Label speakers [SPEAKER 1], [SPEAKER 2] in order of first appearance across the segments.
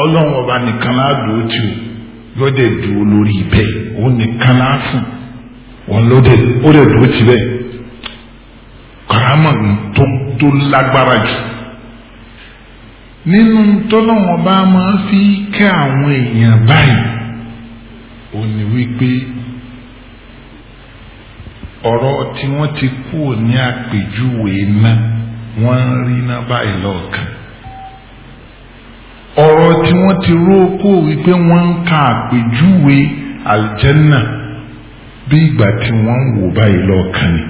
[SPEAKER 1] ọlọ́run ọba nìkan láàdúró tì ó yóò dé dúró lórí ibẹ̀ òun nìkan láàfún òun ló dé ó dé dúró tì bẹ́ẹ̀ karama tó tó lágbára jù nínú tọ́lọ́wọ́n bá máa fi kẹ́ àwọn èèyàn báyìí ó ní wípé ọ̀rọ̀ tí wọ́n ti kú ní àpèjúwe náà wọ́n ń rí náà báyìí lọ́ọ̀kan. ọ̀rọ̀ tí wọ́n ti ró kó wípé wọ́n ń ka àpèjúwe àlìjẹ́nà bí ìgbà tí wọ́n ń wò báyìí lọ́ọ̀kan ni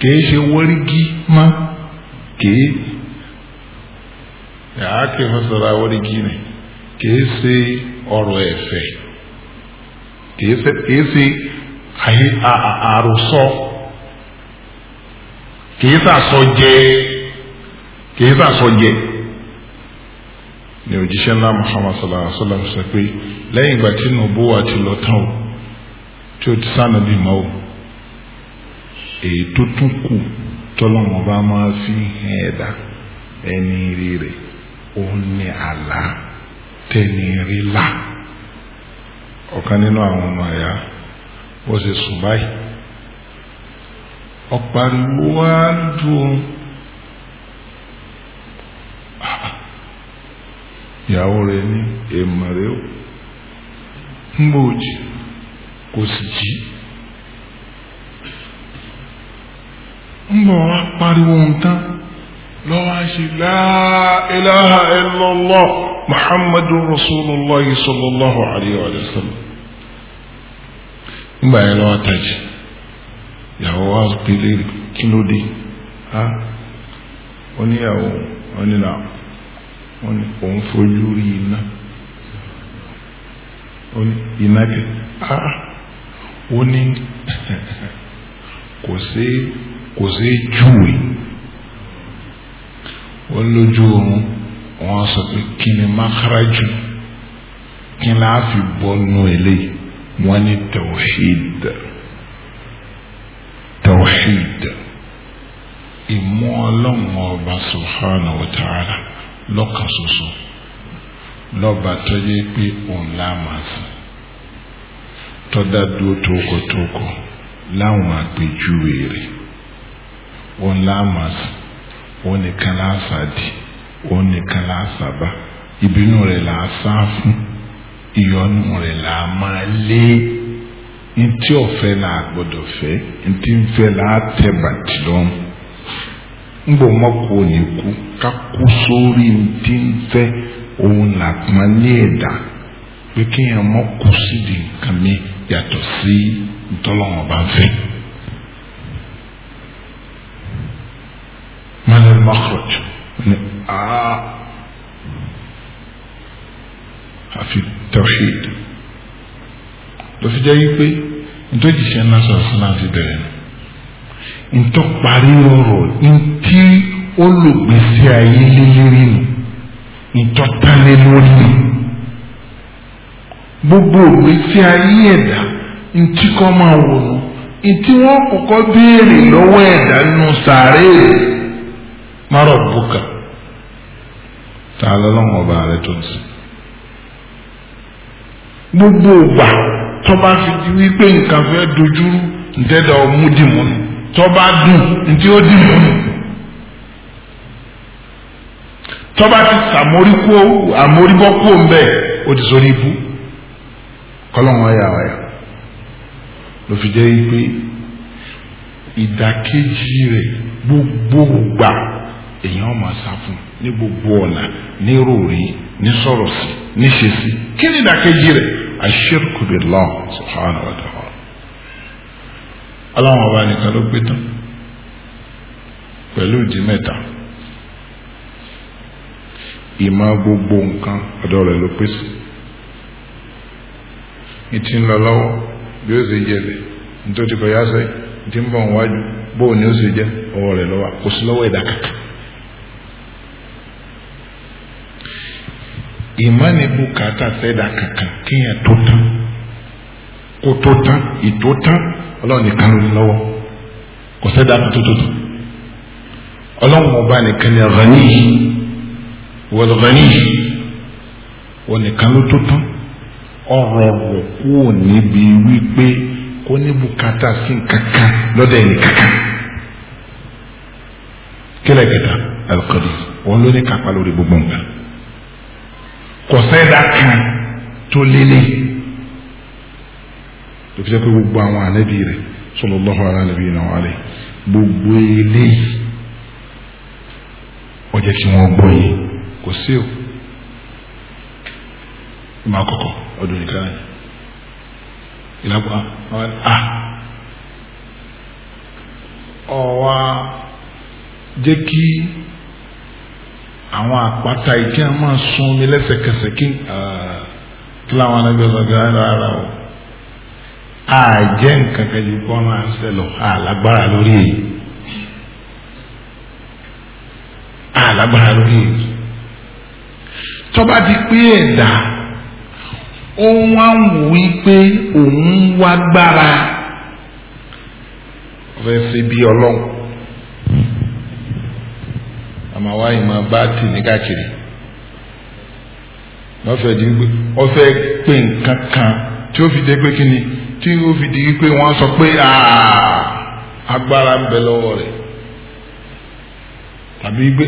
[SPEAKER 1] kìí ṣe wọ́rígí mọ́ kìí yàrá kìí fọ́sọ̀rọ̀ wọ́rígí ni kìí ṣe ọ̀rọ̀ ẹ̀fẹ̀ kìí ṣe àròsọ kìí ṣàsọjẹ kìí ṣàsọjẹ ni òjíṣẹ́ ńlá muhammad sallallahu alaihi wa sallam sọ pé lẹ́yìn ìgbà tí nubuwa ti lọ tán o tí o ti sànà bí mọ́ o èyí tó tún kù tọ́lọ́mọ bá máa fi hàn ẹ̀dá ẹni rí rẹ̀ òun ni àlá tẹni rí là ọ̀kan nínú àwọn ọmọ ẹ̀yà wọ́n ṣe sùn báyìí ọ̀pariwo á dùn. ìyàwó rẹ̀ ní èèmọ̀ rẹ̀ ó ń gbòòjì kò sì jí ń bọ̀ wá pariwo nǹkan lọ́wọ́ ṣe la ilaha illallah muhammadu rasulullah sallallahu alayhi wa sallam nígbà yẹn lọ́wọ́ tají ìyàwó wa pélé kí ló dé ha oníyàwó onínàá wọ́n ní òun fojú rí iná iná kẹ á ó ní kò sí kò sí júwe wọ́n lójú oorun wọ́n sọ pé kí ni makaraju kí ni a fi bọ́ nù eléyìí wọ́n ní tawhid tawhid ìmọ̀ ọlọ́run ọba subhanahu wa ta'ala lọ́kàn ṣoṣo lọ́ba tó yẹ pé òun láàmà sí tọ́dá dúró tókòtókò láwọn àpèjúwe rẹ̀ òun láàmà sí òun nìkan láàsàdì òun nìkan láàsàbà ìbínú rẹ̀ làá sá fún ìyọnu rẹ̀ làá lé ntí ọ̀fẹ́ làá gbọ́dọ̀ fẹ́ ntí ń làá tẹ̀ bàtì lọ́rùn ńgbò mọ́kò ní kú ká kú sórí tí ń fẹ́ òun làpọ́n ní ẹ̀dá pé kéèyàn mọ́kò sídìí nǹkan mi yàtọ̀ sí ntọ́lọ́wọ́n bá ń fẹ́. ni aa àfi tawhid lọ́sí jẹ́ pé ntọ́jì sẹ́ńdásọ̀ sínú bẹ̀rẹ̀ nù. ntọ́parí ọ̀rọ̀ ntí olùgbèsè ayé lélẹ́rì nù ntọ́talẹ́ lónìí gbogbo ògbèsè ayé ẹ̀dá ntí kọ́ máa wò nù ntí wọ́n kọ́kọ́ béèrè lọ́wọ́ ẹ̀dá nù sàárè márọ̀ bùkà tá a ọba rẹ̀ tó ń gbogbo ògbà fi wípé nǹkan tọba dùn ntí ó dì mọ́nù tọba ti sàmóríkó àmóríbọ́kó ńbẹ ó ti sọ ní ibú kọ́lọ́wọ́n ayà wáyà ló fi jẹ́ pé ìdàkejì rẹ̀ gbogbo gbà èèyàn máa sá fún ní gbogbo ọ̀nà ní ròrí ní sọ̀rọ̀ sí ní ṣe sí kí ni ìdàkejì rẹ̀ àṣírkù billah subhanahu wa ta'ala. ọlọ́run ọba nìkan ló pé tán pẹ̀lú ìdí mẹ́ta ìmọ̀ gbogbo nǹkan ọ̀dọ̀ rẹ̀ ló pé sí ní ti lọ́wọ́ bí ó ṣe yẹlẹ̀ ní tó ti kọjá ń bọ̀ wájú bóun ni ó ṣe jẹ́ ọwọ́ rẹ̀ lọ́wọ́ kò ọlọ́run nìkan ló ní lọ́wọ́ kò sẹ́dá tó tótó ọlọ́run ọba nìkan rani ọ̀gáni wọ̀lọ̀gáni wọ́n nìkan ló tótó ọ̀rọ̀ rẹ̀ kúrò níbi wípé kó ní bùkátà sí kankan lọ́dọ̀ ẹni kankan kílẹ̀ kẹta alikọ́dì wọn ló ní kápá lórí gbogbo nǹkan kò sẹ́dá kan tó lélẹ́yìn ló fi jẹ́ pé gbogbo àwọn ànábì rẹ̀ sallallahu ala nabiyina wa alayhi gbogbo eléyìí ó jẹ́ kí wọ́n gbọ́ yìí kò sí o ìmọ̀ àkọ́kọ́ ọdún nìkan yìí ìlàpá ah ọ̀wá ah. jẹ́ kí àwọn àpáta ìkí a máa sun mi lẹ́sẹ̀kẹsẹ̀ kí ah, kí làwọn anábìyàn sọ̀gá rárá o. àjẹ́ nǹkan kan ju kọ́ máa ń sẹlọ̀ àlágbára lórí èyí àlágbára ti pé ẹ̀dá ó wá ń wò wípé òun wá gbára ọ̀fẹ́ ṣe bí ọlọ́run àmọ́ wá bá tì ní káàkiri wọ́n di wípé wọ́n tí ó fi di wípé wọ́n sọ pé agbára ń bẹ lọ́wọ́ tàbí wípé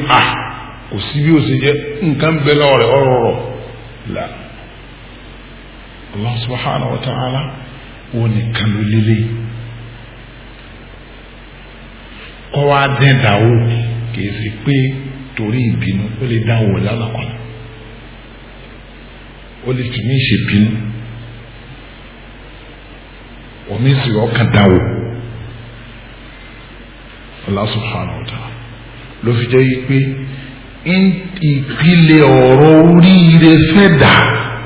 [SPEAKER 1] kò sí bí ó ṣe jẹ́ nǹkan ń bẹ lọ́wọ́ rẹ̀ ọ̀rọ̀rọ̀ là Allah subhanahu wa ta'ala ó kọ́ wa dàwó kìí ṣe pé torí ìbínú ó lè dáwó ó lè omi si ọkàn dá wò Allah subhanahu wa ta'ala ló fi jẹ́ yìí pé ìpìlẹ̀ ọ̀rọ̀ oríire fẹ́ dà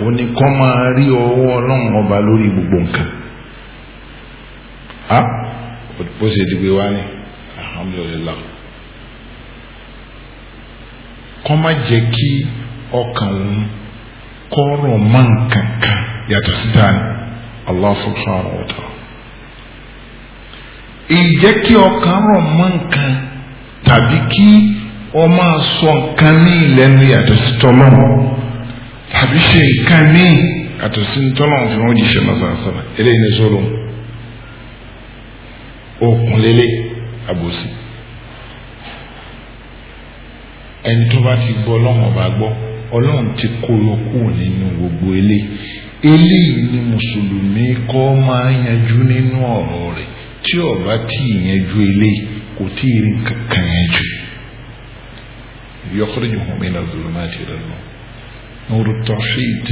[SPEAKER 1] òní kọ́ máa rí ọwọ́ ọlọ́run ọba lórí gbogbo nǹkan a ah, bó ṣe di pé wá ní alhamdulillah kọ́ má jẹ́ kí ọkàn òun kọ́ rọ̀ mọ́ nǹkan kan yàtọ̀ síta ni. Allah subhanahu wa ta'ala ìjẹ́ kí ọkàn rọ̀ mọ́ nǹkan tàbí kí ọ máa sọ nǹkan ní ìlẹ́nu yàtọ̀ sí tọ́lọ́run tàbí ṣe nǹkan ní yàtọ̀ sí tọ́lọ́run fi wọ́n jíṣẹ́ lọ́sàásàlà eléyìí ní sọ́lọ́run okùn lélẹ̀ àbòsí ẹni tó bá ti gbọ́ ọlọ́run ọba gbọ́ ọlọ́run ti kó yọ kúrò nínú gbogbo eléyìí eléyìí ni mùsùlùmí kọ́ máa ń yanjú nínú ọ̀rọ̀ rẹ̀ tí ó bá tí ì yanjú eléyìí kò tí ì rí nǹkan kan yanjú yukhrijuhum min adh-dhulumati ila an-nur nur at-tawhid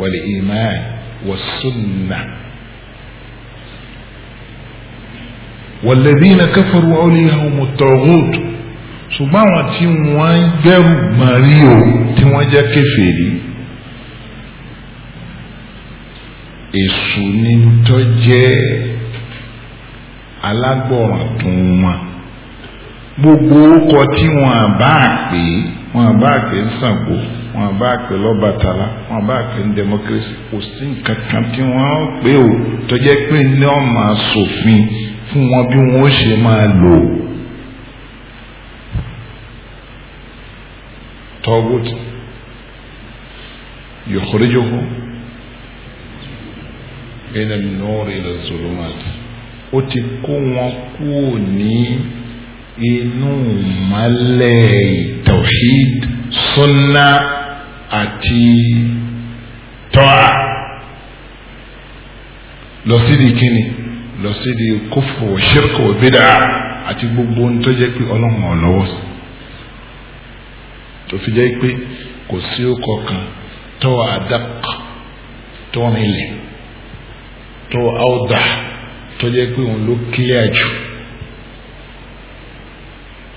[SPEAKER 1] wal-iman was-sunnah والذين كفروا أولياءهم الطاغوت ṣùgbọ́n àwọn tí wọ́n ń gbẹ́rù màrí o tí wọ́n jẹ́ kèfèrí èṣù ní tó jẹ́ alágbọ̀ràn tún wọn gbogbo orúkọ tí wọn bá pè wọn bá pè ń Ṣàngó wọn bá pè lọ́bàtálá wọn bá pè ń democracy kò sí nǹkan kan tí wọn pè ó tó jẹ́ pé ní ọmọ asòfin fún wọn bí wọn ó ṣe máa lò ó. tọ́gùt yòkúrẹ́jọ́fún min an-nur ila az-zulumat ó ti kó wọn kúrò ní inú mọ́lẹ̀ tawhid sunna àti tọ́a lọ sídìí kíni lọ sídìí kófò ṣírkò bídà àti gbogbo ohun tó jẹ́ pé ọlọ́run ọ̀lọ́wọ́ tó áwùdà tó jẹ́ pé òun ló clear jù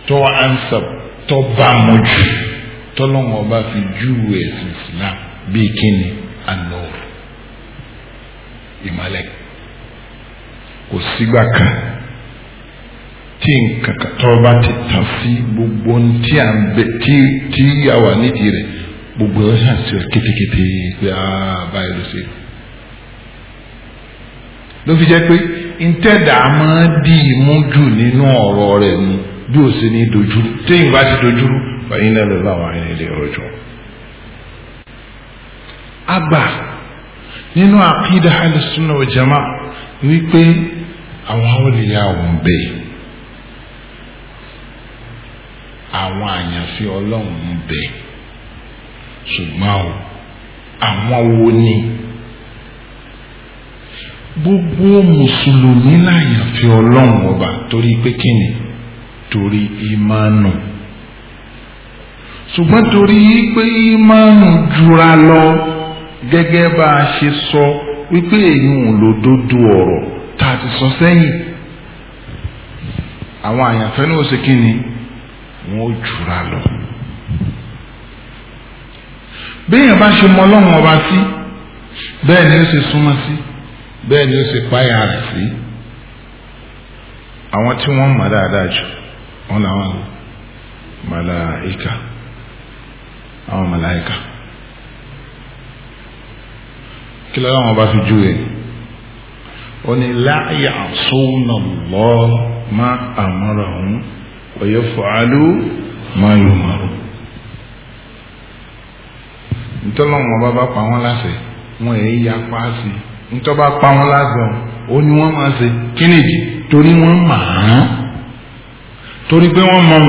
[SPEAKER 1] tó ansab tó bámu jù tọ́lọ́wọ́n ọba fi júwe ẹ̀sìn Islam bíi kíni anọ́ọ̀rù ìmọ̀lẹ̀ kò sígbà kan tí nǹkan kan tọ́ bá ti tàn sí gbogbo tí à ń bẹ tí tí yà wà nídìí rẹ̀ gbogbo ẹ̀ hàn kétékété pé ah, báyìí ló ṣe ló fi jẹ́ pé ntẹ́dà máa dì í mú nínú ọ̀rọ̀ rẹ̀ ni bí ó sì ní dojúrú téyìn bá ti dojúrú ọ̀yìn náà ló láwọn àyìn ilé rọjò. àgbà nínú àkídà alùsùnà òjàmá wípé àwọn olùyà òun bẹ àwọn àyànfi ọlọ́run ń ṣùgbọ́n àwọn wo ni gbogbo mùsùlùmí láyàn fi ọlọ́run ọba torí pé kíni torí ìmánu ṣùgbọ́n torí pé ìmánu jura lọ gẹ́gẹ́ bá a ṣe sọ wípé èyí ò lòdodo ọ̀rọ̀ tá a ti sọ sẹ́yìn àwọn àyànfẹ́ náà ṣe kíni wọ́n jura lọ béèyàn bá ṣe mọ ọlọ́run ọba sí bẹ́ẹ̀ ni ó ṣe súnmọ́ sí. Si bẹ́ẹ̀ ni ó sì páyà rẹ̀ sí àwọn tí wọ́n mọ̀ dáadáa jù wọn làwọn màláìka àwọn màláìka kí lọ́la wọn bá fi ju ẹ̀ ó ní láàyè àsóúnà lọ́ má àmọ́ra òun ọ̀yẹ́ fọ́álú má yóò mọ̀rún nítorí wọn bá bá pa wọn láṣẹ wọn èyí yapa sí ntọ́ba pa wọn lásán ó ní wọ́n máa ṣe kí nìdí torí wọ́n mà á torí pé wọ́n mọ̀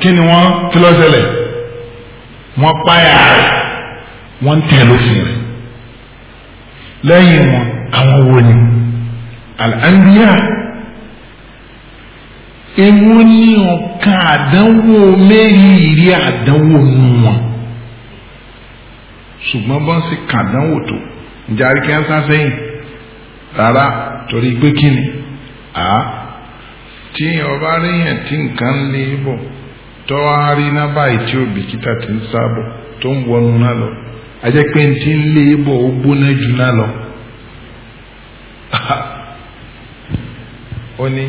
[SPEAKER 1] kí ni wọ́n kí ló ṣẹlẹ̀ wọ́n páyà rẹ̀ wọ́n tẹ̀ lófin rẹ̀ lẹ́yìn wọn àwọn wo ni al-anbiya ewu ní ọ̀kan àdánwò mẹ́rin ìrí àdánwò nù wọn ṣùgbọ́n bọ́n sì kàdánwò tó. jàrí kẹ́ńsán sẹ́yìn rárá torí pé kí ti tí ọba ríyàn tí nǹkan lè bọ̀ tọ́ a báyìí tí òbíkítà ti ń sábọ̀ tó ń wọnú lọ ajẹ́ pé n ti ń lè lọ. ó gbóná jù náà lọ. ó ní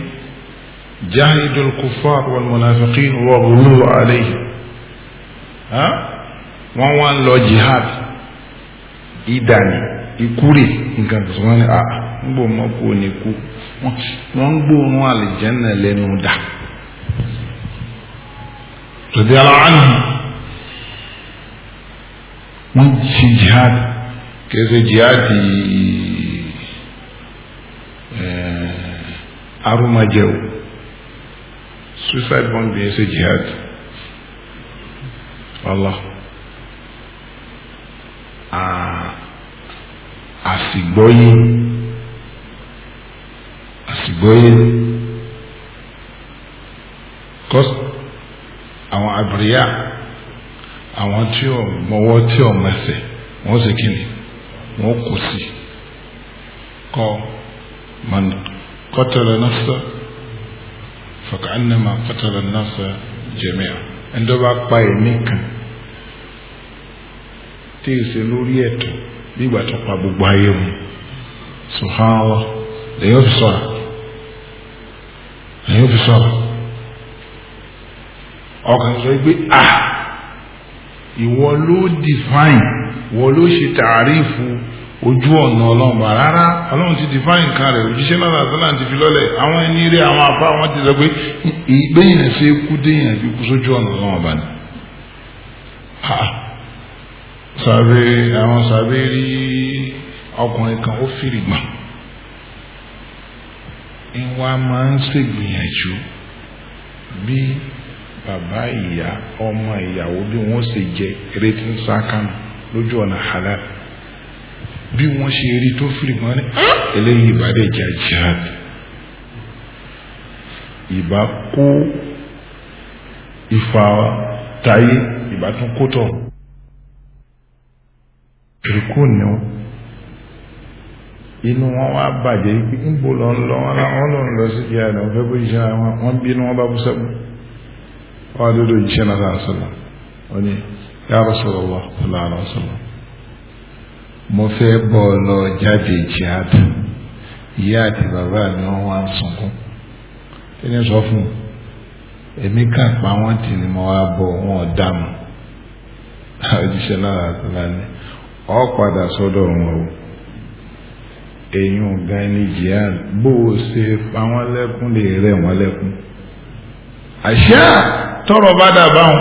[SPEAKER 1] jahidul kufar wal munafiqin wa ghulu alayhi wá lọ jihad ìdá ikúrè nǹkan tó wọ́n ní à ah, ń bò mọ́ kó ní kú wọ́n ń gbóòórùn àlìjẹ́nà lẹ́nu dà tòdí ara àná wọ́n ṣe jihad kẹsẹ̀ jihad arúmájẹ́wò suicide bomb yẹn ṣe jihad eh, Allah. àsìgbọ́yé àsìgbọ́yé kọ́s àwọn àbúrẹ́yà àwọn tí ò mọwọ́ tí ò mẹsẹ̀ wọ́n sì kí ni wọ́n kù sí kọ́ man qatala nafsa faka'annama qatala nafsa jami'a ẹni tó bá pa ẹ̀mí kan tí ì ṣe ẹ̀tọ́. bí ìgbà tó pa gbogbo ayé mu ha lèyìn òfin sọ̀rọ̀ lèyìn ọkàn sọ pé à ìwọ ló define ìwọ ló ṣe ojú ọ̀nà ọlọ́run rárá ọlọ́run ti define kan rẹ̀ òjíṣẹ́ náà sàtánà ti fi lọ́lẹ̀ àwọn ẹni rí àwọn wọn ti sọ pé ìgbẹ́yìn kú déyìn sàbẹ àwọn sàbẹ rí ọkùnrin kan ó fìrì gbọ̀n ìwà máa ń ṣègbìyànjú bí bàbá ìyá ọmọ ìyàwó bí wọ́n ṣe jẹ retí ń sákàmù lójú ọ̀nà halal bí wọ́n ṣe rí tó fìrì gbọ̀n ní eléyìí ìbàdí ìjà jihad ìbá kó ìfà tayé ìbá tún mushrikun ni wọn inú wọn wá bàjẹ́ ibi ń bò lọ ń lọ wọn làwọn lọ ń lọ sí ìyá rẹ̀ wọn fẹ́ bó ìṣẹ́ àwọn wọn bínú wọn bá bú sẹ́kù wọn adódò ìṣẹ́ náà sàn sọ́nà wọn ni ya Rasulullah sallallahu alaihi wasallam mo fẹ́ bọ́ ọ lọ jáde jihad ìyá àti bàbá mi wọn wá ń sunkún kí sọ fún un èmi kàn pa wọn tì ní mo wá bọ̀ wọn ò dààmú òjíṣẹ́ náà àtúnlá ni ọ padà sọ́dọ̀ wọn o èyàn gan ni jihad bó o ṣe pa wọn lẹ́kún lè rẹ̀ wọn a tọrọ bá dà báwọn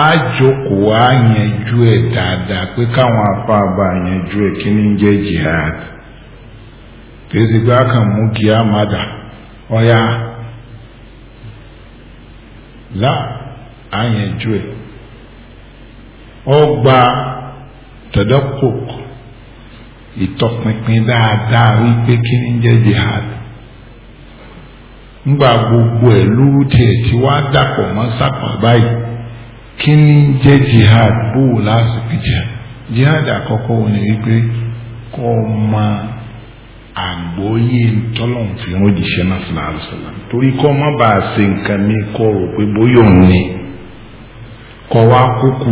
[SPEAKER 1] á jókòó á yanjú ẹ dáadáa pé káwọn afáàbà yanjú ẹ kí ni ń jẹ jihad kì í kàn mú kí á má tẹ̀dọ́kò ìtọpinpin dáadáa wípé kí ni jihad ngba gbogbo ẹ̀ lóru tiẹ̀ tí wá dàpọ̀ mọ́ sápà kí jihad bó jihad akọkọ wọn ni wípé kọ́ ma àgbọ́yé tọ́lọ́n fi hàn náà torí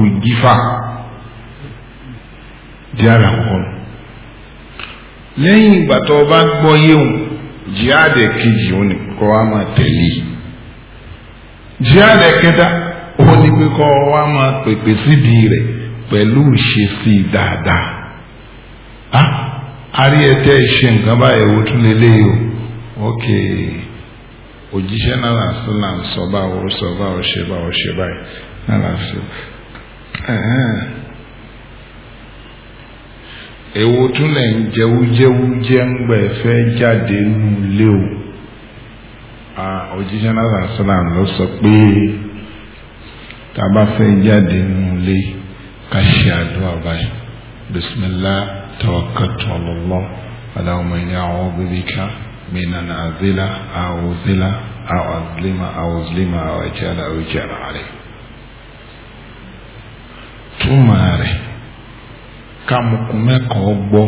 [SPEAKER 1] mi jihad àkọ́kọ́ nù lẹ́yìn ìgbà tó o bá gbọ́ yéhùn jihad kejì òun ni wa máa tẹ̀lé e. jihad kẹta òun ni pé kọ́ wa máa pèpè síbi pẹ̀lú ìṣesí dáadáa nǹkan báyìí tún o ok náà là ń sọ báwo sọ èwo tún lẹ̀ ń jẹwújẹwújẹ ń gbẹ̀ fẹ́ jáde nù lé o òjíṣẹ́ náà sọ́là ló sọ pé tá a bá fẹ́ jáde nù lé ká ṣe àdúrà báyìí bismillah tawakkaltu ala Allah allahumma inni a'udhu bika min an azila aw uzila aw azlima aw uzlima aw ajala aw jala alayhi túmọ̀ rẹ̀ kámukun mẹ́kọ̀ọ́ gbọ́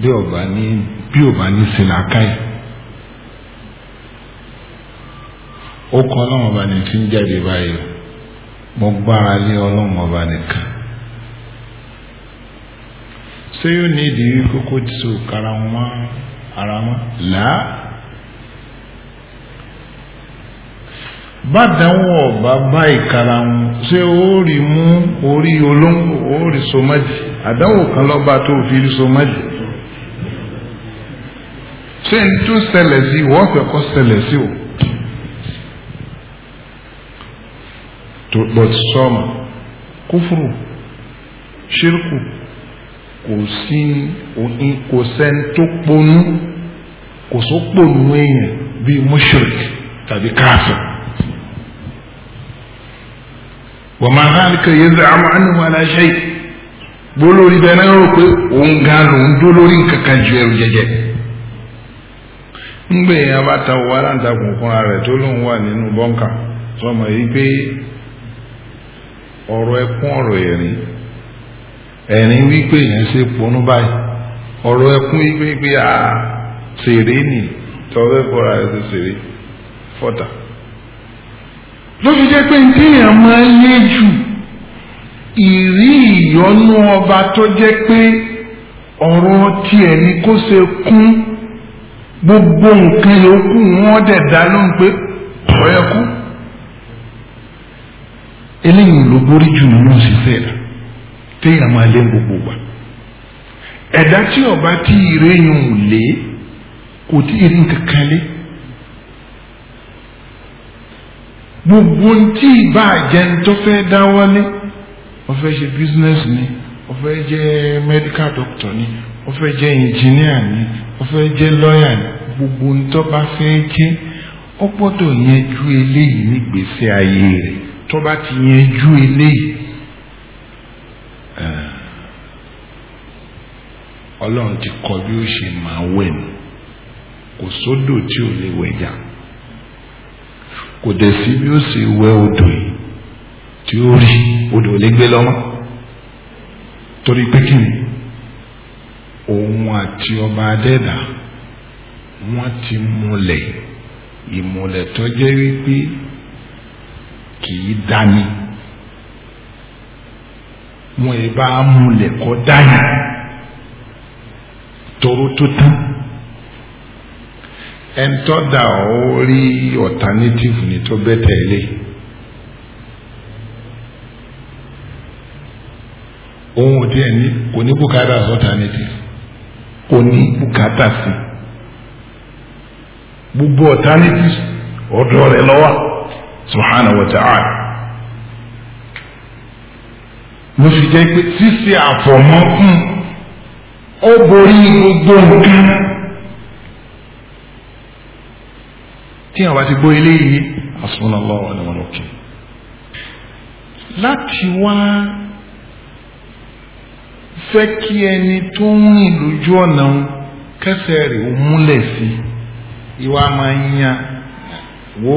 [SPEAKER 1] bí ọba ní bí ọba ní sílàkà yìí ó kọ́ ọlọ́run ọba ní tí ń jáde báyìí mo gbára lé ọlọ́run ọba nìkan ṣé yóò ní ìdí kókó tí o kára wọn mọ́ ara wọn làá. bádàwọ̀ bàbá ìkara wọn ṣé ó rí mú orí olóńgbò ó rí somájì àdánwò kan lọ́ba tó fi so mọ́jì ṣé n tún ṣẹlẹ̀ sí wọ́n fẹ́ ṣẹlẹ̀ sí o tó but sọ́ọ̀mù kúfùrù ṣírkù kò sí kò sẹ́ni tó ponú kò só ponú èèyàn bíi mushrik tàbí káfíìn. وما ذلك يزعم عنه ولا شيء bó lórí bẹ́ẹ̀ náà rò pé òun gan lòun dó lórí nǹkan kan ju ẹrù jẹjẹ ńgbè yẹn bá ta owó aláǹtakùn fúnra rẹ̀ tó lóun wà nínú bọ́ǹkà sọmọ yìí pé ọ̀rọ̀ ẹkún ọ̀rọ̀ ẹ̀rín ẹ̀rín wípé yẹn ṣe ponú báyìí ọ̀rọ̀ ẹkún wípé pé a ṣèré nì tọ́wé fúnra rẹ̀ ti ṣèré fọ́tà ló fi jẹ́ pé ní téèyàn máa ń lé jù ìrí ìyọ́nú ọba tó jẹ́ pé ọ̀rọ̀ tiẹ̀ ni kó ṣe kún gbogbo nǹkan yòókù wọn dẹ̀ dá lóhùn pé ọ̀rọ̀ yẹ kú eléyìí ló borí jù nínú ṣiṣẹ́ rẹ̀ máa lé gbogbo wa ẹ̀dá tí ọba tí ò lé kò tí ìrìn gbogbo tí ìbá tó fẹ́ ó fẹ́ ṣe business ni ó fẹ́ jẹ́ medical doctor ni ó fẹ́ jẹ́ engineer ni ó fẹ́ jẹ́ lawyer ni gbogbo ń tó bá fẹ́ jẹ́ ó gbọ́dọ̀ yanjú eléyìí nígbèsè ayé rẹ̀ tó bá ti yanjú eléyìí ọlọ́run ti kọ bí ó ṣe máa wẹ̀ kò sódò tí ò lè wẹ̀jà kò dẹ̀ sí bí ó ṣe wẹ̀ odò yìí tí ó rí odò lè gbé lọ́mọ́ torí pé kí ni òun àti ọba adẹ́dà wọ́n ti múlẹ̀ ìmúlẹ̀ tó jẹ́ wípé kì í dání wọn ì bá múlẹ̀ kọ́ dání toró tó tán ẹ̀ńtọ́ da ọ́ rí alternative ni tó bẹ́ tẹ̀lé. bí ẹni kò ní bùkátà alternative kò gbogbo alternative ọ̀dọ̀ rẹ̀ lọ́wọ́ subhanahu wa ta'ala mo fi jẹ́ pé ṣíṣe àfọ̀mọ́ fún borí gbogbo nǹkan tí àwọn àti gbọ́ eléyìí asúnmọ́ lọ́wọ́ ni wọ́n láti fẹ́ kí ẹni tó ń rìn lójú ọ̀nà ń kẹsẹ̀ rẹ̀ ó múlẹ̀ sí i ìwà máa ń yan wò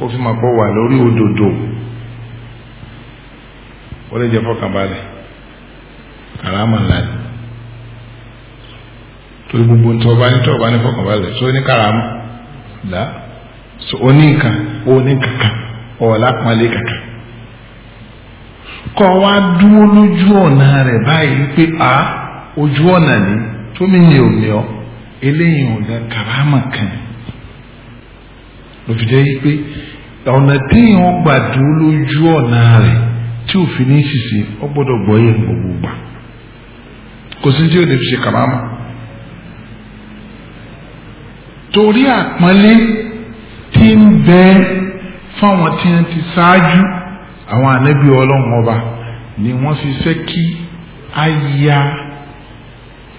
[SPEAKER 1] ó fi máa bọ̀ wà lórí òdodo ó lè jẹ́ fọkànbalẹ̀ karama ńlá ni torí gbogbo ntọ́ ọba ní tọ́ ní fọkànbalẹ̀ so ní karama là so oníkan oníkankan ọ̀ọ́lá pọ́nlé kankan kọ́ wa dúró lójú ọ̀nà rẹ̀ báyìí pé a ojú ọ̀nà ni tómi ni omi ọ eléyìí ò lẹ kàrámà kan lòfi jẹ́ yí pé ọ̀nà téèyàn gbà dúró lójú ọ̀nà rẹ̀ tí òfin ní ṣìṣe ọ gbọ́dọ̀ gbọ́ yẹn gbogbo gbà kò sí tí ò lè fi ṣe kàrámà torí àpọ́nlé tí ń bẹ fáwọn tí wọ́n ti ṣáájú àwọn ànábì ọlọ́run ọba ni wọ́n fi fẹ́ kí a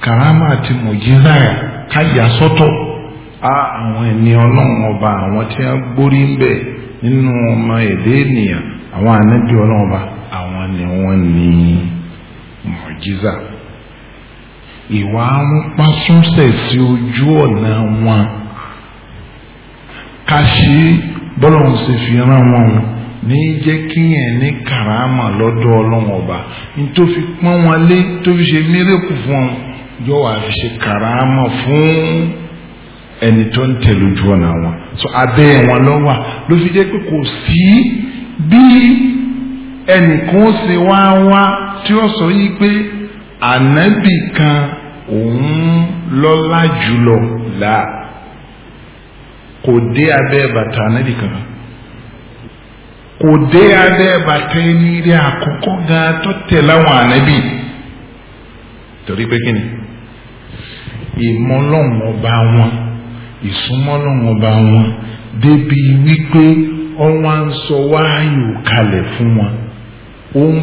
[SPEAKER 1] karama àti mọ̀jíńdà ká yà sọ́tọ̀ á àwọn ẹni ọlọ́run ọba àwọn tí wọ́n gbórí ń bẹ̀ nínú ọmọ èdè ènìyàn àwọn ànábì ọlọ́run ọba àwọn ni wọ́n ní mọ̀jíńdà ìwà àwọn pásúnṣẹ̀ sí ojú ọ̀nà wọn ká ṣe bọ́lọ̀ ń ṣe fi rán wọn ní jẹ́ kí yẹn ní karama lọ́dọ̀ ọlọ́run ọba nítorí fi pọ́n wọn lé tó fi ṣe mírèkù fún wọn yóò wá fi ṣe karama fún ẹni tó ń tẹ̀lé ojú ọ̀nà wọn so abẹ́ wọn ló wà ló fi jẹ́ pé kò sí bí ẹnìkan ṣe wá wá tí ó sọ yìí pé ànábì kan òun lọ́lá jùlọ là kò dé abẹ́ bàtà ànábì kankan. kò dé adé bàtẹ́ ní ilé àkọ́kọ́ gan tó tẹ̀ láwọn ànábì torí pé kíni ìmọ̀lọ́wọ́n ọba wọn ìsúnmọ́lọ́wọ́n wọn débi wípé ọwọ́ ń sọ wáyò kalẹ̀ fún wọn ó ń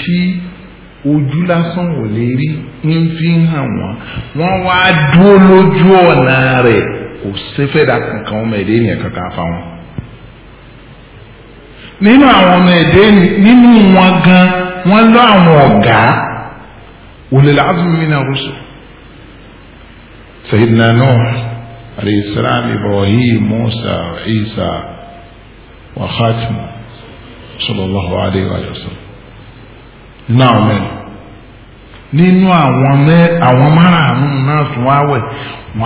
[SPEAKER 1] tí ojú lásán lè rí ń kankan ọmọ ẹ̀dẹ́ kankan nínú àwọn ọmọ èdè nínú wọn gan wọ́n lọ àwọn ọ̀gá ulil azmi minar rusul sayyidina Nuh alayhi salam Ibrahim Musa Isa wa khatim sallallahu alayhi wa sallam nínú àwọn mẹ́rin nínú àwọn mẹ́ àwọn márààrún náà tún wáwẹ̀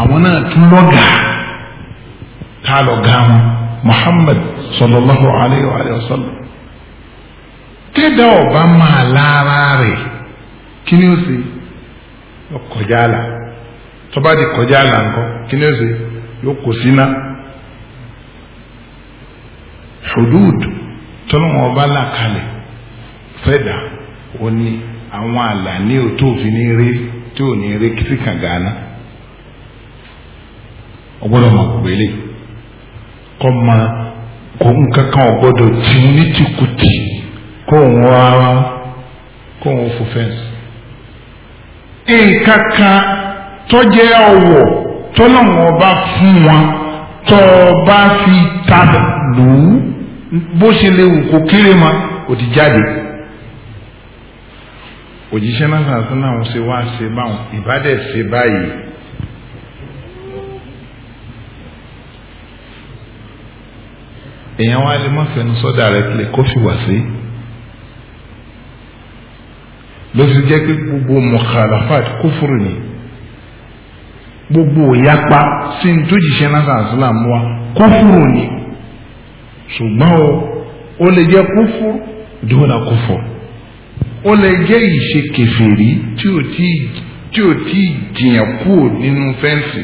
[SPEAKER 1] àwọn náà tún lọ́gàá tá a lọ́gàá wọn. Muhammad sallallahu Alaihi wa sallam tẹ́dá ọba máa lára rẹ̀ kí ni ó ṣe kọjá àlà tọ́ba di kọjá hudud ọba là kalẹ̀ fẹ́dà ó ní àwọn àlà ní tó ní tí ò ní kọ́ ma kò nǹkan kan ọ̀gbọ́dọ̀ ti ní tìkùtì kó òun wá kó òun fò fẹ́ǹsì. nǹkan kan tọ́jẹ́ ọ̀wọ̀ tọ́lọ́wọ́n bá fún wọn tọ́ ọ bá fi ta lù ú bó ṣe lè wù kó kéré ma ò ti jáde. òjíṣẹ́ náà sàásùn náà ń ṣe wá ṣe báwọn ìbádẹ́ ṣe báyìí. èèyàn wá lè má fẹnu sọ directly kó fi wà sí ló fi jẹ́ pé gbogbo mukhalafat kúfùrù ni gbogbo ìyapa sí ní tó jìṣẹ́ náà sàásìlà mú wa kúfùrù ni ṣùgbọ́n o ó lè jẹ́ kúfùrù dúnà kúfùrù ó lè jẹ́ ìṣe kèfèrí tí ò tí tí ò tí jìyàn kúrò nínú fẹ́ǹsì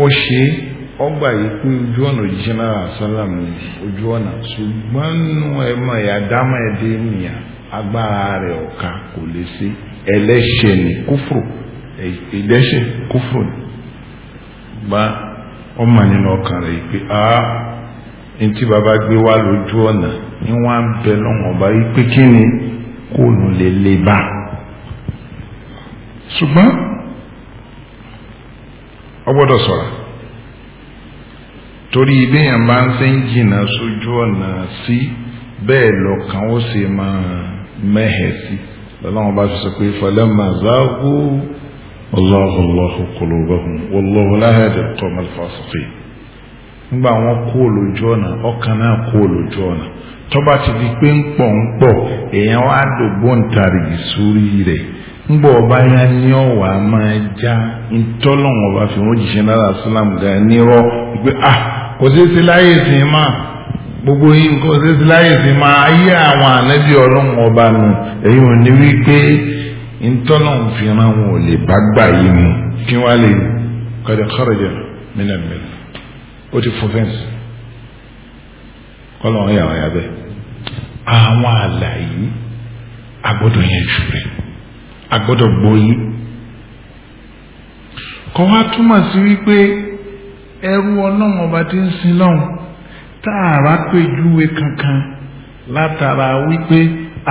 [SPEAKER 1] ó ṣe é. ọ yìí ojú ọ̀nà òjíṣẹ́ náà sálàm ojú ọ̀nà ṣùgbọ́n nínú ẹ̀mọ agbára rẹ̀ ọ̀ka kò lè ṣe ẹlẹ́ṣẹ̀ ní kúfùrù ẹ̀dẹ́ṣẹ̀ gba ọmọ nínú ọkàn rẹ̀ pé a ntí baba gbé wá lójú ọ̀nà ni wọ́n á bẹ lọ́wọ́n torí béèyàn bá ń se ń jìnnà sójú ọ̀nà sí bẹ́ẹ̀ lọ́kàn ó sì máa mẹ́hẹ̀ sí lọ́lọ́wọ́n bá fi sọ pé falamma zaagu Allahu Allahu nígbà wọn kó ọ̀nà ọkàn náà kó ọ̀nà ti di pé ń pọ̀ ń pọ̀ èèyàn wá rẹ̀ ọba kò sí sí láyé sí mà gbogbo yìí kò sí sí láyé sí mà ayé àwọn ànábì ọlọ́run ọba nù èyí wọn ni wípé ntọ́nà òfinran wọn ò lè bá gbà yìí mu kí wọ́n lè kọ́dọ̀ kọ́rọ̀jẹ̀ mìnàmìnà ó ti fún fẹ́ǹsì kọ́lọ̀ ọ̀hún yàrá yàbẹ́ àwọn àlàyé agbọ́dọ̀ yẹn jù rẹ̀ agbọ́dọ̀ gbóyè kọ́ wa túmọ̀ sí wípé. ẹrú ọlọ́run ọba tí ń sin lọ́hùn tá a bá péjúwe kankan látara wípé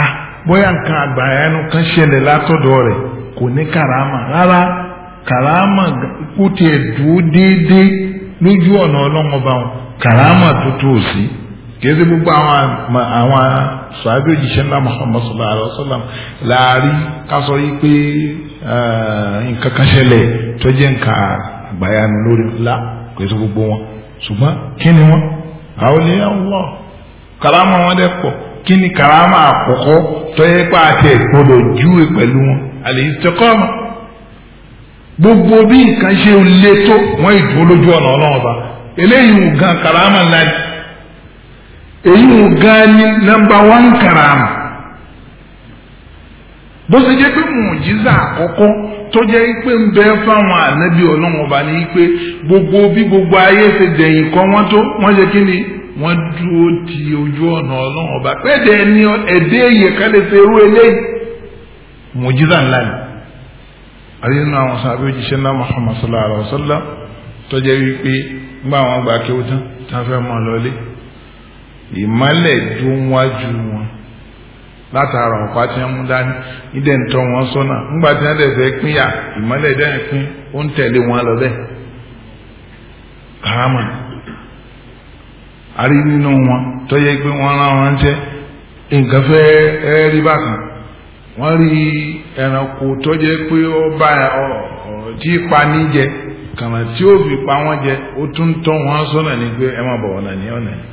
[SPEAKER 1] a bóyá nǹkan àgbàyanu kan ṣẹlẹ̀ látọ̀dọ̀ rẹ̀ kò ní karama rárá karama ga tiẹ̀ dúró déédéé lójú ọ̀nà ọlọ́run ọba wọn karama tó tó sí kìí ṣe gbogbo àwọn àwọn sàádó òjíṣẹ́ ńlá sallallahu alayhi wa sallam láàrin ká sọ pé nǹkan kan pèsè gbogbo wọn ṣùgbọ́n kí ni wọn àwòlẹ́ Allah karama wọn dẹ pọ̀ kí ni karama àkọ́kọ́ tọ́yẹ́ pa àti ẹ̀gbọ́dọ̀ júwe pẹ̀lú wọn al-istiqama gbogbo bí nǹkan ṣe lé tó wọ́n ìdúró lójú ọ̀nà ọlọ́run ba eléyìí ń gan karama ńlá èyí ń gan ní nọ́mbà wán karama bó ṣe jẹ́ pé mùjíza àkọ́kọ́ tó jẹ́ pé ń bẹ fáwọn ànábì ọlọ́run ọba ní pé gbogbo bí gbogbo ayé ṣe dẹ̀yìn kọ́ wọ́n tó wọ́n ṣe kí ni wọ́n dúró ti ojú ọ̀nà ọlọ́run ọba pé ẹ̀dẹ̀ ni ẹ̀dẹ́ èyẹ ṣe irú eléyìí mùjíza ńlá ni. àyè nínú àwọn sábẹ́ òjíṣẹ́ ńlá Muhammad sallallahu alayhi wa sallam tó jẹ́ wípé gbọ́ àwọn gbà kéwù tán tá a fẹ́ mọ́ ọ lọ látara ọ̀pá tí wọ́n mú dání ń tọ́ wọn sọ́nà ńgbà tí wọ́n fẹ́ ìmọ́lẹ̀ ó ń wọn lọ bẹ́ẹ̀ kàámà wọn tó yẹ pé wọ́n wọn jẹ́ nǹkan fẹ́ rí wọ́n rí ẹranko tó pé ó bá tí pa ní jẹ kàmá tí ó fi pa wọ́n jẹ ó tún tọ́ wọn sọ́nà ní pé ẹ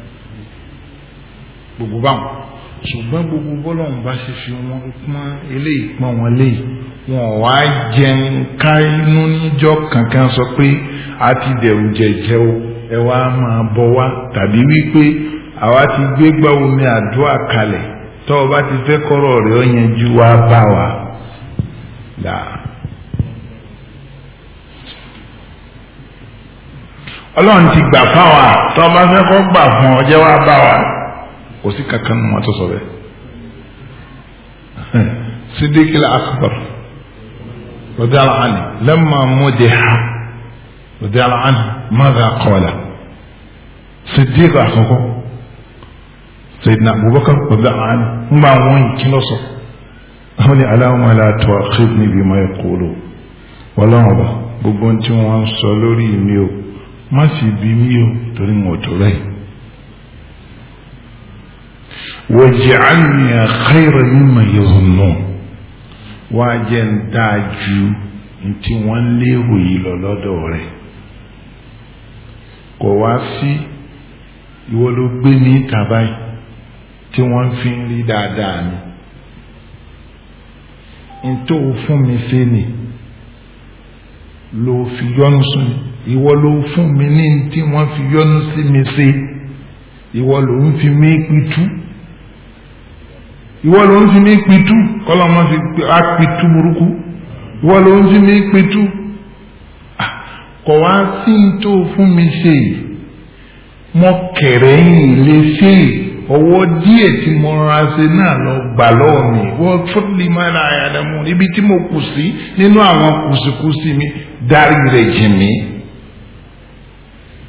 [SPEAKER 1] gbogbo báwọn. ṣùgbọ́n gbogbo bọ́lọ́run bá ṣe fi wọn pọ́n eléyìí pọ́n wọn léyìí wọn wá jẹun ká inú níjọ́ kankan sọ pé a ti dẹ̀rù jẹ̀jẹ̀ o ẹ wá máa bọ̀ wá tàbí wípé àwa ti gbégbá omi àdúrà kalẹ̀ tọ́ ọ bá ti fẹ́ kọ́rọ̀ rẹ̀ ọ yẹn ju wá bá wa. ọlọ́run ti gbà fáwa tọ́ ọ bá fẹ́ kọ́ gbà fún ọ jẹ́ wá bá wa kò sí kankan nínú wọn tó sọ bẹ́ẹ̀ sidiki la akbar rọdí ala ani lẹ́mà mọ́jẹ̀ha rọdí ala ani mọ́dà kọ́lá sidiki àkọ́kọ́ sayidina abubakar rọdí ala ani ń bá wọn kí lọ sọ àwọn ni aláwọ̀ aláàtọ̀ àkíyèsí níbi máa ń kúrò wọláwọ̀ bá gbogbo tí wọ́n sọ lórí mi o má sì bí mi o torí wọn tó rẹ̀ yìí waj'alni khayran mimma yadhunnun wá jẹ́ ń dáa ju tí wọ́n léwu yìí lọ lọ́dọ̀ rẹ̀ kò wá sí ìwọ ló gbé ní ìta báyìí tí wọ́n fi ń rí dáadáa ni ntó fún mi ṣe ni ló fi yọ́nú sí mi ìwọ ló fún mi ní tí wọ́n fi yọ́nú sí mi ṣe ìwọ ló ń fi mí pitú ìwọ ló ń fi mí pitú kọlọmọ fi á pitú burúkú ìwọ ló ń fi mí pitú kọ wá sí tó fún mi ṣe mọ kẹrẹ yìí lè ṣe ọwọ́ díẹ̀ tí mo ra ṣe náà lọ gbà lọ́wọ́ mi wọ́n fúnni máa ra àyàdàmú níbi tí mo kù sí nínú àwọn kùsìkùsì mi dárí rẹ̀ jì mí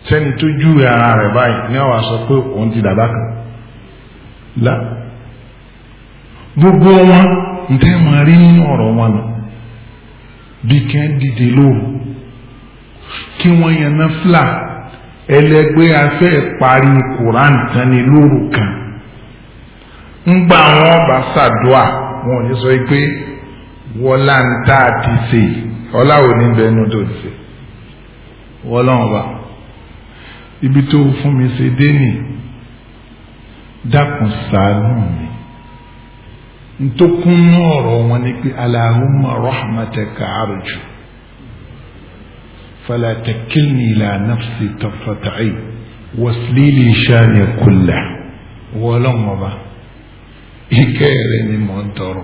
[SPEAKER 1] sẹ́ni tó júwe ara rẹ̀ báyìí ní àwọn aṣọ pé òun ti dàbá kan. gbogbo wọn ǹtẹ́ máa rí nínú ọ̀rọ̀ wọn lọ bí kí wọ́n kí wọ́n yan parí koran kan ní lóru kan ńgbà wọn ọba wọn ò ní sọ pé wọlá ń ti ṣe ọlá ní ti ṣe wọlá wọn bá ibi tó fún mi se dé mi. ntokunu ọ̀rọ̀ wọn ni pé alahuma rahmataka arju fala takilni ila nafsi tafatai wasilili shani kula wọlọmọba ìkẹ́ rẹ̀ ni mò ń tọrọ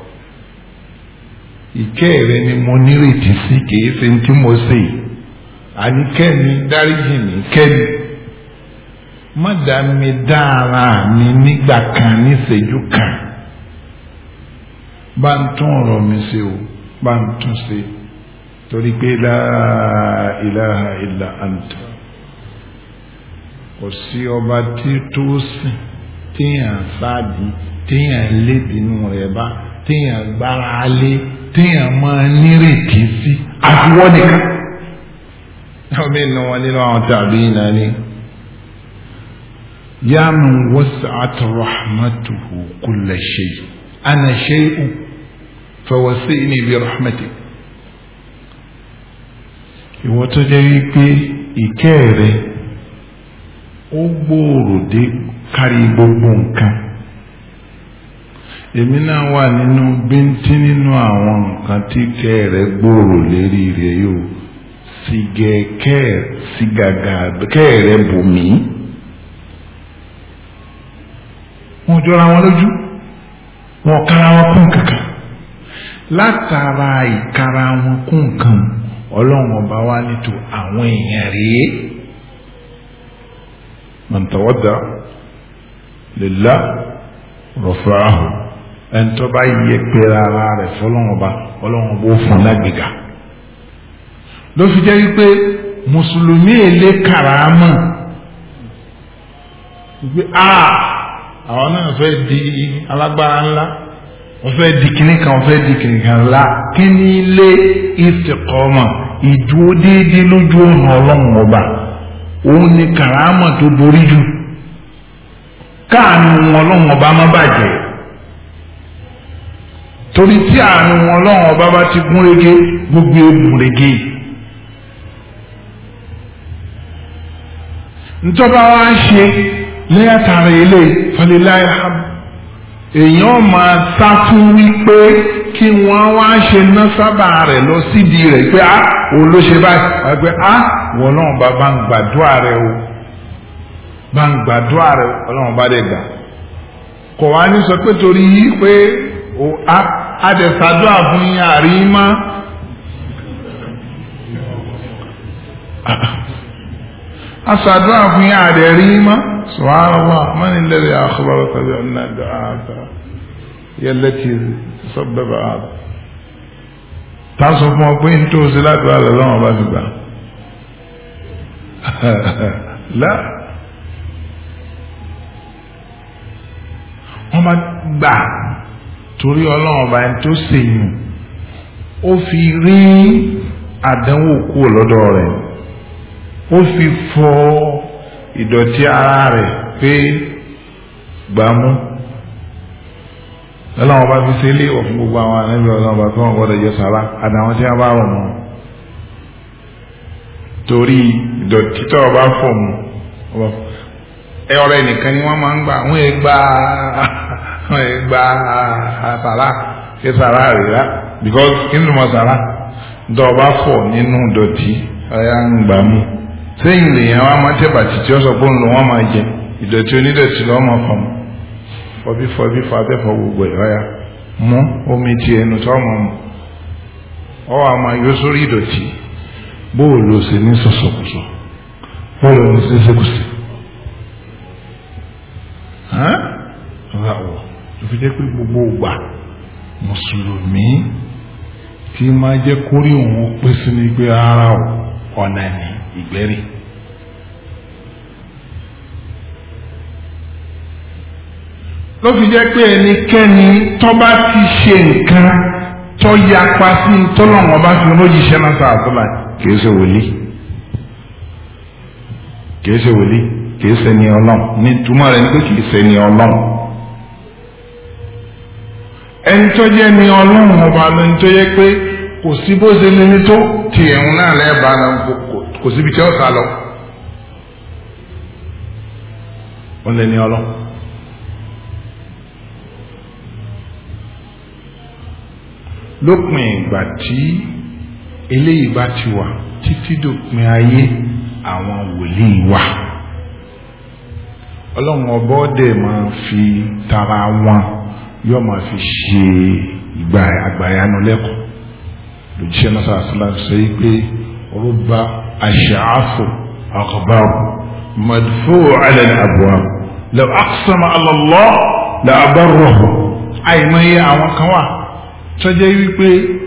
[SPEAKER 1] ìkẹ́ rẹ̀ ni mo nírètí sí kìí ṣe tí mo ṣe àní kẹ́mi dáríjì mi kẹ́mi má dá mi dá mi nígbà kan níṣẹ́jú kan bá ń tún ọ̀rọ̀ mi ṣe o bá ń tún ṣe torí pé la ilaha illa anta kò sí ọba tí tó sìn téèyàn sáàdì téèyàn lébìínú rẹ̀ bá téèyàn gbára lé téèyàn máa nírètí sí àfiwọ́ nìkan. ọmọ ìnà wọn nínú àwọn tàbí ìnà ni. يا من وسعت رحمته كل شيء أنا شيء fawasi'ni bi rahmatik ìwọ tó jẹ́ wípé ìkẹ́ rẹ ó gbòòrò dé kárí gbogbo nǹkan èmi náà wà nínú bíntín nínú àwọn nǹkan tí kẹ́ rẹ gbòòrò lérí rẹ yóò sigẹ kẹ́ kẹ́ rẹ bù mí jọra wọn lójú wọn kára wọn kún kankan. látara ìkara wọn kún nǹkan ọlọ́run ọba wa nítò àwọn èèyàn rèé man tawadda lillah rafa'ahu ẹni tó bá yẹ pẹ̀lú ara rẹ̀ fọlọ́run ọba ọlọ́run ọba ó fún lágbègà ló fi jẹ́ wípé mùsùlùmí èlé kàràmù wípé ah, àwọn náà fẹ́ di alágbára ńlá. On fẹ́ di kìnnì kan wọ́n fẹ́ di kìnnì kan la kìnnì lé istiqama ìdúró déédéé lójú ọ̀nà ọlọ́run ọba òun ni kàrámà tó borí jù káàánú wọn ọlọ́run ọba má bàjẹ́ torí tí àánú wọn ọlọ́run ọba bá ti gún régé gbogbo egbò régé ntọ́ba wa ń ṣe lẹ́yàtàrà ilé falẹ́láyà hàb èèyàn máa sá wípé kí wọ́n wá ṣe ná sábà rẹ̀ lọ sídìí rẹ̀ pé a ah, òun ló ṣe báyìí wọ́n a ah, wọ́n náà bá bá ń gbàdúrà o bá ń gbàdúrà gbà wá ní sọ pé torí a dẹ̀ fún a fún yín rí سبحان الله من الذي أخبرك بأن دعاءك هي التي تسبب هذا تصف موقعين توصلات هذا لا ما لا wọ́n máa gbà torí ọlọ́run ọba ẹni tó ṣèyàn ó fi rí àdánwò kúrò lọ́dọ̀ rẹ̀ ó fi fọ́ ọ. ìdọ̀tí ara rẹ̀ pé gbàmú ọlọ́run bá fi ṣe ilé gbogbo àwọn ànábì ọlọ́run bá fi wọn gbọ́dọ̀ jẹ sàrà àtàwọn tí wọ́n bá rọ̀ mọ́ torí ìdọ̀tí tó bá fọ̀ mu ẹ ọ̀rẹ́ nìkan ni wọ́n gba wọ́n rẹ̀ rà because kí bá fọ̀ nínú sẹ́yìn lèèyàn wá máa tẹ́ bàtì tí ó sọ pé òun wọn máa jẹ ìdọ̀tí onídọ̀tí lọ́wọ́ omi ti ẹnu tó ọmọ mu ọwọ́ àmọ́ yó sórí ìdọ̀tí bóòlù sí ní sọ̀sọ̀kùsọ̀ bóòlù ní sẹ́sẹ̀kùsẹ̀ ọ̀làwọ̀ tó fi jẹ́ pé gbogbo ògbà mùsùlùmí máa jẹ́ ìgbẹ́rì. ló fi jẹ́ pé ẹnikẹ́ni tó bá ti ṣe nǹkan tó yapa sí tọ́lọ́wọ́n bá fi lójì iṣẹ́ náà sáà tó láì kìí ṣe wòlíì kìí ṣe wòlíì kìí ṣe ni ọlọ́run ní túmọ̀ rẹ̀ ni pé kìí ṣe ni ọlọ́run ẹni tó jẹ́ ni ọlọ́run ọba ló ń tó yẹ pé kò sí bó ṣe lé ní tó ti ẹ̀hún náà lẹ́ẹ̀bà náà kò síbi tí ó sá lọ wọn lè ní ọlọ. lópin ìgbà tí eléyìí bá ti wà títí dòpin ayé àwọn wòlíì wà ọlọ́run ọba ọdẹ máa fi tara wọn yóò máa fi ṣe ìgbà àgbàyanu lẹ́kọ̀ọ́ lójúṣẹ́ náà sàásìlá sọ yìí pé. رب أشعث أغبار مدفوع على الأبواب لو أقسم على الله لأبره أي ما هي أما كوا تجي ويبي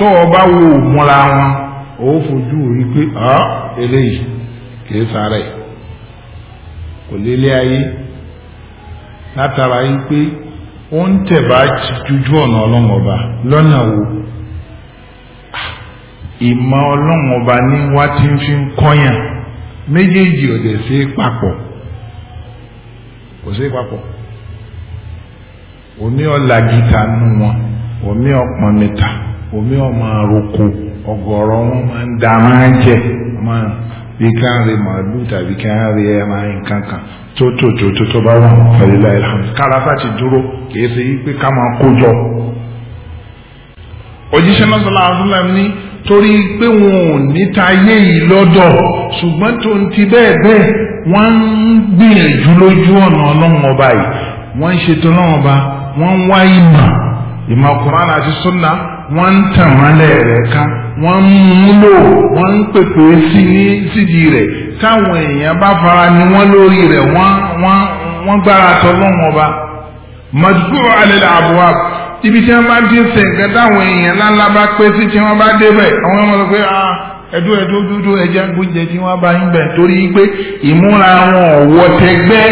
[SPEAKER 1] tó o bá wo òmùra wọn ó fojú rí pé ọ eléyìí kìí sára ẹ kò lélẹ ayé látara yìí pé ó ń tẹ̀ bá jújú ọ̀nà ọlọ́mọba lọ́nà wo ìmọ̀ ọlọ́run ọba ní wá tí ń fi ń kọ́yàn méjèèjì ò dẹ̀ sí papọ̀ kò sí papọ̀ omi ọ̀la gíga wọn omi ọ̀pọ̀n mẹ́ta omi ọmọ àròkò ọ̀gọ̀rọ̀ wọn máa ń da máa ń jẹ máa bí káàrin màálù tàbí káàrin ẹ̀ma nǹkan kan tó tó tó tó tó bá wọn pẹ̀lú ti dúró kìí ṣe yí torí pé wọn ò ní tayé yìí lọ́dọ̀ ṣùgbọ́n tó ń ti bẹ́ẹ̀ bẹ́ẹ̀ wọ́n ń gbìyànjú lójú ọ̀nà ọlọ́run ọba yìí wọ́n ń ṣètò ọlọ́run ọba wọ́n ń wá ìmọ̀ ìmọ̀ Kùránì àti súnà wọ́n ń tàn wọ́n lẹ́ẹ̀rẹ́ ká wọ́n ń múlò wọ́n ń pèpè sí ní sídìí rẹ̀ táwọn èèyàn bá fara ni wọ́n lórí rẹ̀ wọ́n wọ́n wọ́n gbára ọba madbu ibi tí wọ́n bá ti ń ṣe nǹkan táwọn èèyàn ńláńlá bá pé sí tí wọ́n bá débẹ̀ àwọn ọmọ sọ pé ah, ẹdú ẹdú dúdú ẹja gbóúnjẹ tí wọ́n bá ń bẹ̀ torí pé ìmúra wọn ọ̀wọ́ tẹgbẹ́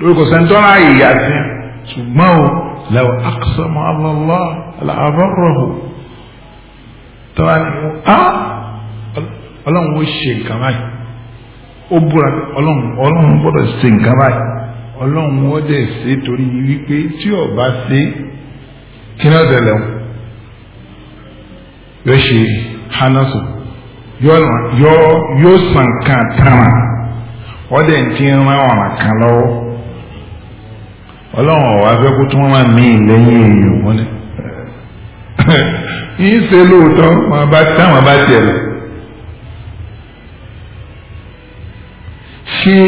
[SPEAKER 1] lórúkọ sẹ́ńtọ́rà ìyá sí ṣùgbọ́n o lẹ́wọ̀ akṣọ́mọ́ alọ́lọ́ aláàbọ̀rọ̀hù tọ́wá ni wọ́n ah, á ọlọ́run ó ṣe nǹkan báyìí ó búra ọlọ́run ọlọ́run gbọ́dọ̀ ṣe nǹkan báyìí ọlọ́run wọ́n dẹ̀ ṣe torí wípé tí ọba ṣe kí náà tẹ̀lé wọn yóò ṣe hanasu yóò sàn kan tara wọ́n dẹ̀ ti ń rán ọ̀ràn kan lọ́wọ́ ọlọ́run ọ̀wá fẹ́ kó tún wọn mí lẹ́yìn èèyàn wọn ni yìí ṣe lóòótọ́ táwọn bá tiẹ̀ lọ ṣé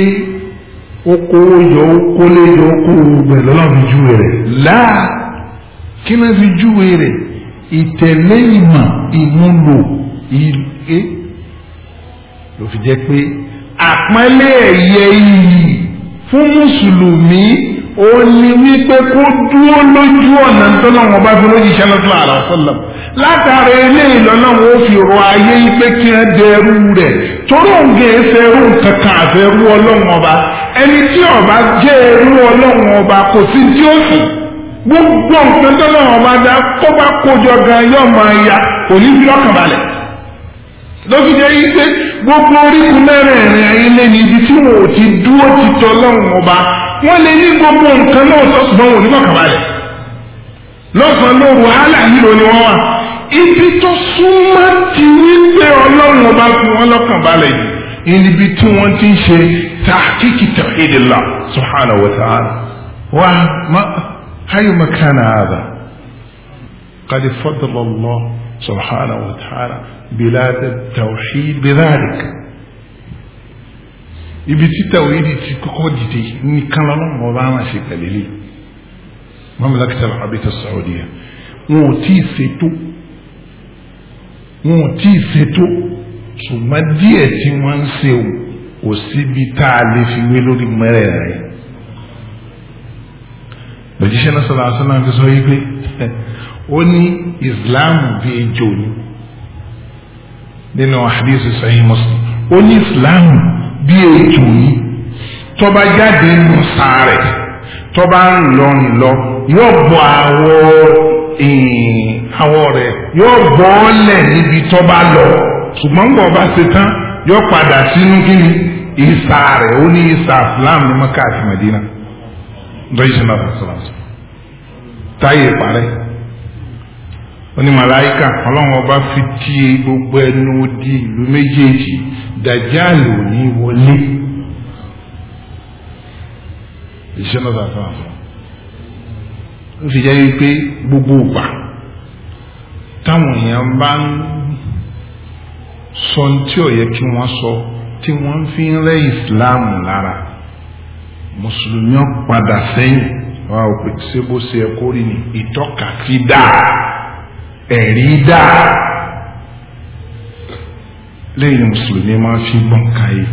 [SPEAKER 1] ó kówó yọ ó kólé yọ ó kówó bẹ̀ lọ́la fi júwe rẹ̀ láà kí náà fi júwe rẹ̀ ìtẹ̀lé ìmọ̀ ìmúlò ìlé ló fi jẹ́ pé àpọ́nlé ẹ̀yẹ yìí fún mùsùlùmí ó ní wípé kó dúró lójú ọ̀nà tó náà wọn bá fi lójì sẹ́lẹ̀ fúlàrà sọ́lọ̀ látara ilé ìlọ́lọ́wọ́ ó fi rọ ayé pé kí ẹ dẹrú rẹ̀ torí òǹgẹ̀ ẹfẹ́rú kankan àfẹ́rú ọlọ́run ọba ẹni tí ọba jẹ́ ẹrú ọlọ́run ọba kò sí tí ó sì gbogbo nǹkan ya kò ní gbogbo orígun mẹ́rẹ̀ẹ̀rin ayé lé ibi tí wọn ò ibi tó súnmọ́ ti wípé ọlọ́run ọba fi wọ́n lọ́kàn balẹ̀ yìí níbi tí wọ́n ti ń ṣe tàkìkì tàhídìlá subhanahu wa ta'ala wa ma hayu makana hadha qad faddala Allah subhanahu wa ta'ala bilad at-tawhid bidhalik ibi tí tawhid ti kọ́kọ́ dìde nìkan lọ́lọ́run ọba máa ṣe pẹ̀lẹ́lẹ́ mamlakatul arabiyya as-saudiyya wọn ò tí ì ṣètò wọn ò tí ì ṣètò ṣùgbọ́n díẹ̀ tí wọ́n ń ṣe o kò síbi tá a lè fi wé lórí mẹ́rẹ̀ rẹ̀ lójíṣẹ́ náà sọ̀rọ̀ àṣọ náà fi sọ yí pé ó ní ìsìláàmù bí ejò ni nínú àdìsí sahih Muslim ó ní ìsìláàmù bí ejò ni tọ́ba jáde nù sáré tọ́ba ń lọ nìlọ yóò bọ àwọ̀ ẹ̀ẹ́. Eh, àwọn ọ̀rẹ́ yóò bọ́ọ̀lẹ̀ níbi tó bá lọ ṣùgbọ́n gbọ́ bá ṣe tán yóò padà sínú kí ni ìsà rẹ̀ ó ní ìsà islam ní maka àti madina dọ́yìísìn náà sọ̀rọ̀ táyé parẹ́ onímọ̀láyíkà ọlọ́run ọba fi tí gbogbo ẹnu di ìlú méjèèjì dàjáàlì ò ní wọlé iṣẹ́ náà sọ̀rọ̀ sọ̀rọ̀ ó fi jẹ́ wípé gbogbo ìgbà táwọn èèyàn bá ń sọ tí ò yẹ kí wọ́n sọ tí wọ́n fi ń rẹ́ ìsìláàmù lára mùsùlùmí padà sẹ́yìn wa ò pè ṣé bó ṣe ẹ kórè ni ìtọ́ka ti dá ẹ̀rí dá lẹ́yìn mùsùlùmí máa fi gbọ́n káyé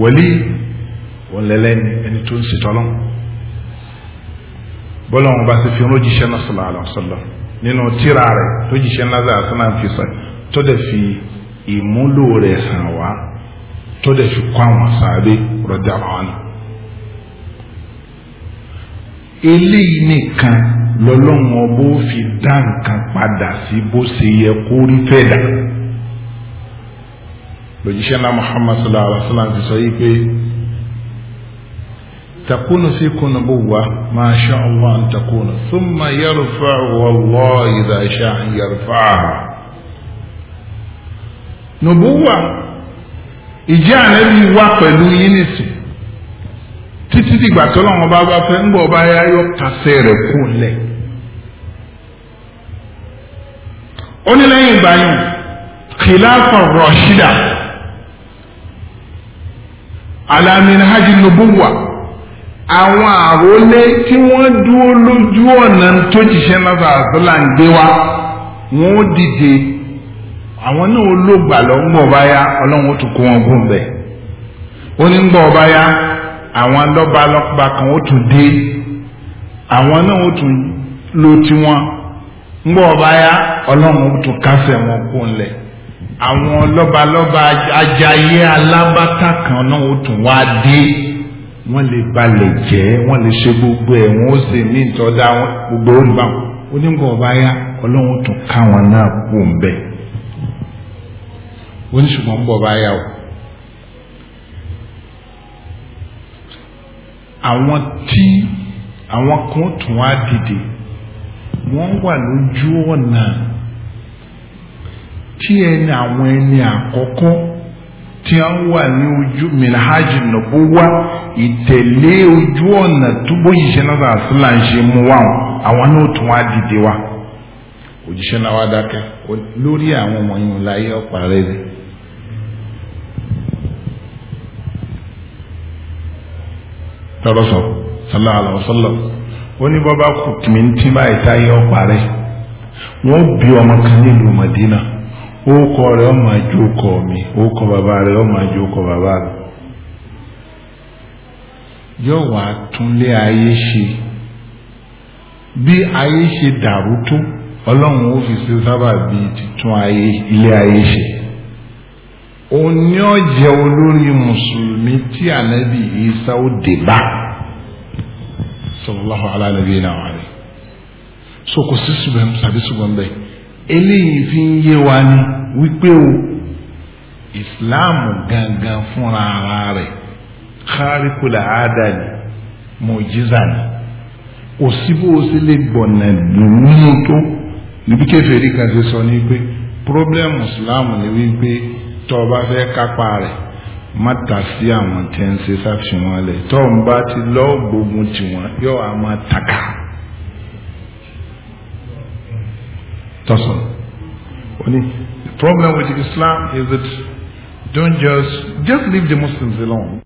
[SPEAKER 1] wọlé wọlẹ́lẹ́ni ẹni tó ń ṣètọ́lọ́mù bọ́lọ́wọ́n bá ti fi ránjíṣẹ́ náà sallallahu alaihi wasallam nínú tíra rẹ̀ tó jíṣẹ́ náà sọ́nà fi sọ tó dẹ̀ fi ìmúlò rẹ̀ hàn wá tó dẹ̀ fi kọ́ àwọn sàábé rọ̀dà ọ̀hánà. eléyìí nìkan lọ́lọ́wọ́n bó fi dá nǹkan padà sí bó ṣe yẹ kó rí fẹ́ dà. lójíṣẹ́ náà Muhammad sallallahu alaihi wasallam sọ yìí pé. تكون فيكم نبوة ما شاء الله أن تكون ثم يرفع والله إذا شاء يرفعها نبوة ìjẹ́ ànábì wá pẹ̀lú títí dìgbà tó bá bá fẹ́ mba bá yá yọ kásẹ̀ rẹ̀ kú lẹ̀. ó ní lẹ́yìn ìgbà hajj nubuwa. àwọn àrólé tí wọ́n dúró lójú ọ̀nà tó jíṣẹ́ náà àtọ́là ń gbé wa wọ́n ó dìde àwọn náà lògbà lọ́gbọ̀n ọba ya ọlọ́run ó tún kó wọn gùn bẹ́ẹ̀ ó ní gbọ́ ọba ya àwọn lọ́ba lọ́ba kan ó tún dé àwọn náà ó tún lo tiwọn ngbọ́ ọba ya ọlọ́run ó tún kásẹ̀ wọn kó ńlẹ̀ àwọn lọ́ba lọ́ba ajayé alábàtà kan náà ó tún wá dé wọ́n lè balẹ̀ jẹ́ wọ́n lè ṣe gbogbo ẹ̀ wọ́n ó sì ní ìtọ́jà gbogbo olùbáwọn onígbà ọba ya ọlọ́run tún káwọn náà kú ń bẹ̀ oníṣùgbọ́n bọ̀ ọba ya o àwọn tí àwọn kan tún wá dìde wọ́n wà lójú ọ̀nà tí ẹni àwọn ẹni àkọ́kọ́ tí wọ́n wà ní ojú minhaji nubuwa ìtẹ̀lé ojú ọ̀nà túbọ̀ yìíṣẹ́ náà àṣìlá ń ṣe mú wa àwọn náà tún wá dìde wa òjíṣẹ́ náà wá dákẹ́ lórí àwọn wọ̀nyí láyé ọ̀pá rẹ̀ ni. lọ́rọ̀ sọ sallallahu alaihi wasallam ó ní bọ́bá kù tìmíntì báyìí táyé ọ̀pá rẹ̀ wọ́n bí ọmọ kan nílùú Madina orúkọ rẹ̀ ọmọ àjò kọ mi orúkọ bàbá rẹ̀ ọmọ àjò kọ bàbá mi yóò wá túnlé ayé ṣe bí ayé ṣe dàrú tó ọlọ́run ó fi ṣe sábà bí títún ayé ilé ayé ṣe òun ni mùsùlùmí tí ànábì Ìsá ó dé bá sallallahu ala nabiyina wa alayhi so kò sí ṣùgbọ́n tàbí ṣùgbọ́n bẹ́ẹ̀ eléyìí fi ń yé wa ni wípé o ìsìláàmù gangan fúnra ara rẹ̀ kárìkùlà àádáni mọ̀jísà ni kò sí bó o sì lè gbọ̀nà dùnúnú tó níbi kẹfẹ́rí kan ti sọ ni pé pírọ́blẹ́mù ìsìláàmù ni wípé tọ́ ọ bá fẹ́ kápá rẹ̀ má ta sí àwọn tẹ́ ń ṣe sáfìwọ́n lẹ̀ tọ́ ń bá ti lọ́ gbógun tiwọn yóò á máa tàkà. tọ́sán problem with Islam is that don't just, just leave the Muslims alone.